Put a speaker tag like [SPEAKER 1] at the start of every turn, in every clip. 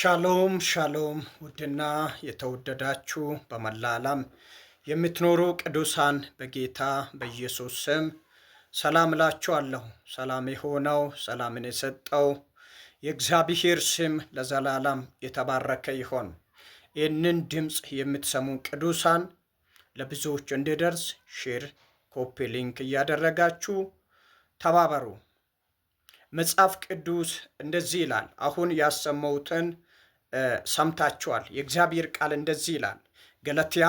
[SPEAKER 1] ሻሎም ሻሎም። ውድና የተወደዳችሁ በመላ ዓለም የምትኖሩ ቅዱሳን በጌታ በኢየሱስ ስም ሰላም እላችኋለሁ። ሰላም የሆነው ሰላምን የሰጠው የእግዚአብሔር ስም ለዘላለም የተባረከ ይሆን። ይህንን ድምፅ የምትሰሙ ቅዱሳን ለብዙዎች እንዲደርስ ሼር ኮፒ ሊንክ እያደረጋችሁ ተባበሩ። መጽሐፍ ቅዱስ እንደዚህ ይላል። አሁን ያሰማሁትን ሰምታችኋል። የእግዚአብሔር ቃል እንደዚህ ይላል ገላትያ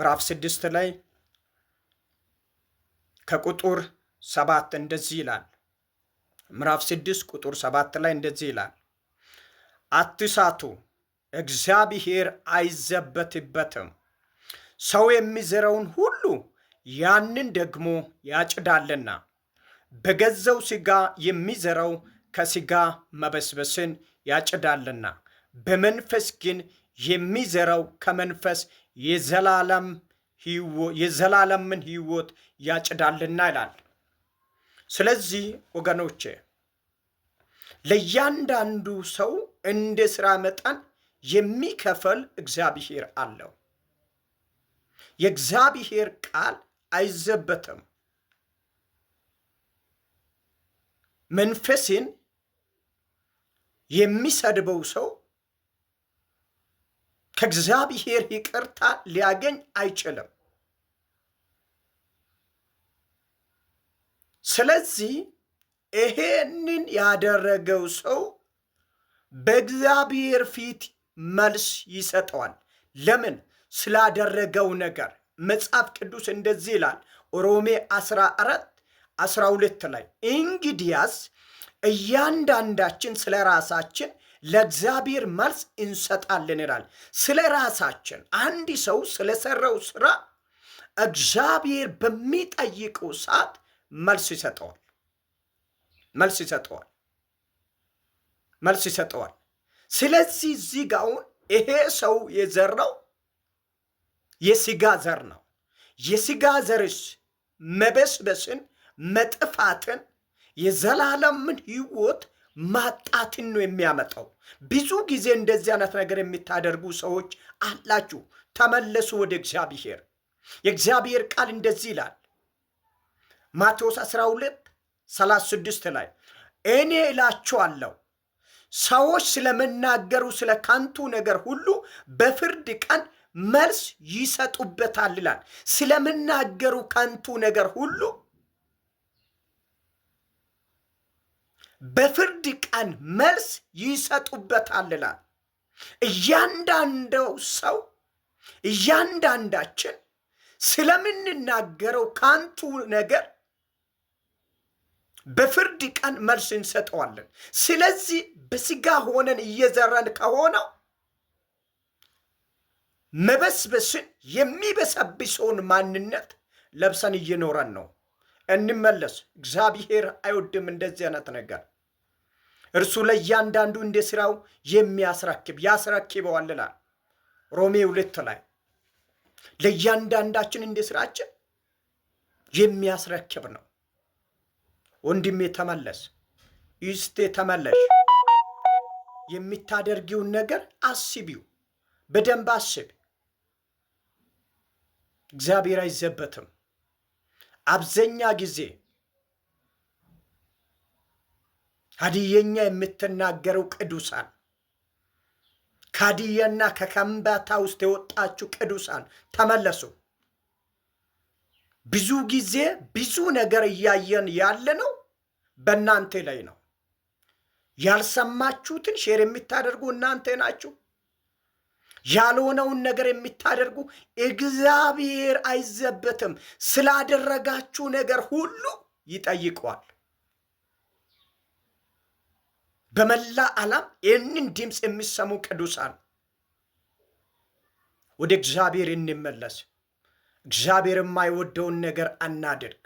[SPEAKER 1] ምዕራፍ ስድስት ላይ ከቁጥር ሰባት እንደዚህ ይላል። ምዕራፍ ስድስት ቁጥር ሰባት ላይ እንደዚህ ይላል አትሳቱ፣ እግዚአብሔር አይዘበትበትም። ሰው የሚዘረውን ሁሉ ያንን ደግሞ ያጭዳልና በገዛው ሥጋ የሚዘራው ከሥጋ መበስበስን ያጭዳልና በመንፈስ ግን የሚዘራው ከመንፈስ የዘላለምን ሕይወት ያጭዳልና ይላል። ስለዚህ ወገኖቼ ለእያንዳንዱ ሰው እንደ ሥራ መጠን የሚከፈል እግዚአብሔር አለው። የእግዚአብሔር ቃል አይዘበትም። መንፈስን የሚሰድበው ሰው ከእግዚአብሔር ይቅርታ ሊያገኝ አይችልም። ስለዚህ ይሄንን ያደረገው ሰው በእግዚአብሔር ፊት መልስ ይሰጠዋል። ለምን? ስላደረገው ነገር መጽሐፍ ቅዱስ እንደዚህ ይላል ሮሜ 14 12 ላይ እንግዲያስ እያንዳንዳችን ስለ ራሳችን ለእግዚአብሔር መልስ እንሰጣለን ይላል። ስለ ራሳችን አንድ ሰው ስለሰራው ስራ እግዚአብሔር በሚጠይቀው ሰዓት መልስ ይሰጠዋል። መልስ ይሰጠዋል። መልስ ይሰጠዋል። ስለዚህ እዚህ ይሄ ሰው የዘራው የስጋ ዘር ነው። የስጋ ዘርስ መበስበስን፣ መጥፋትን፣ የዘላለምን ህይወት ማጣትን ነው የሚያመጣው። ብዙ ጊዜ እንደዚህ አይነት ነገር የምታደርጉ ሰዎች አላችሁ። ተመለሱ ወደ እግዚአብሔር። የእግዚአብሔር ቃል እንደዚህ ይላል ማቴዎስ 12 36 ላይ እኔ እላችኋለሁ ሰዎች ስለመናገሩ ስለ ከንቱ ነገር ሁሉ በፍርድ ቀን መልስ ይሰጡበታል ይላል። ስለምናገሩ ከንቱ ነገር ሁሉ በፍርድ ቀን መልስ ይሰጡበታል ይላል። እያንዳንደው ሰው እያንዳንዳችን ስለምንናገረው ከንቱ ነገር በፍርድ ቀን መልስ እንሰጠዋለን። ስለዚህ በስጋ ሆነን እየዘረን ከሆነው መበስበስን የሚበሰብሰውን ማንነት ለብሰን እየኖረን ነው። እንመለስ። እግዚአብሔር አይወድም እንደዚህ አይነት ነገር። እርሱ ለእያንዳንዱ እንደ ስራው የሚያስረክብ ያስረክበዋል ሮሜ ሁለት ላይ ለእያንዳንዳችን እንደ ስራችን የሚያስረክብ ነው። ወንድሜ ተመለስ፣ ይስቴ ተመለሽ። የምታደርጊውን ነገር አስቢው፣ በደንብ አስብ። እግዚአብሔር አይዘበትም። አብዘኛ ጊዜ ሀዲየኛ የምትናገረው ቅዱሳን ከሀዲያና ከከምባታ ውስጥ የወጣችሁ ቅዱሳን ተመለሱ። ብዙ ጊዜ ብዙ ነገር እያየን ያለ ነው በእናንተ ላይ ነው። ያልሰማችሁትን ሼር የምታደርጉ እናንተ ናችሁ። ያልሆነውን ነገር የሚታደርጉ እግዚአብሔር አይዘበትም። ስላደረጋችሁ ነገር ሁሉ ይጠይቀዋል። በመላ ዓለም ይህንን ድምፅ የሚሰሙ ቅዱሳን ወደ እግዚአብሔር እንመለስ። እግዚአብሔር የማይወደውን ነገር አናድርግ።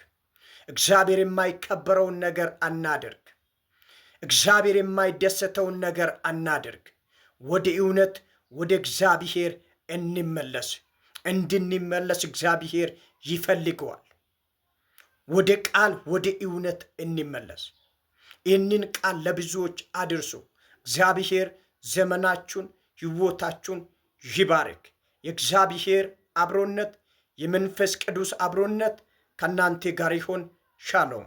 [SPEAKER 1] እግዚአብሔር የማይከበረውን ነገር አናድርግ። እግዚአብሔር የማይደሰተውን ነገር አናድርግ። ወደ እውነት ወደ እግዚአብሔር እንመለስ። እንድንመለስ እግዚአብሔር ይፈልገዋል። ወደ ቃል ወደ እውነት እንመለስ። ይህንን ቃል ለብዙዎች አድርሱ። እግዚአብሔር ዘመናችሁን ሕይወታችሁን ይባርክ። የእግዚአብሔር አብሮነት የመንፈስ ቅዱስ አብሮነት ከእናንተ ጋር ይሆን። ሻሎም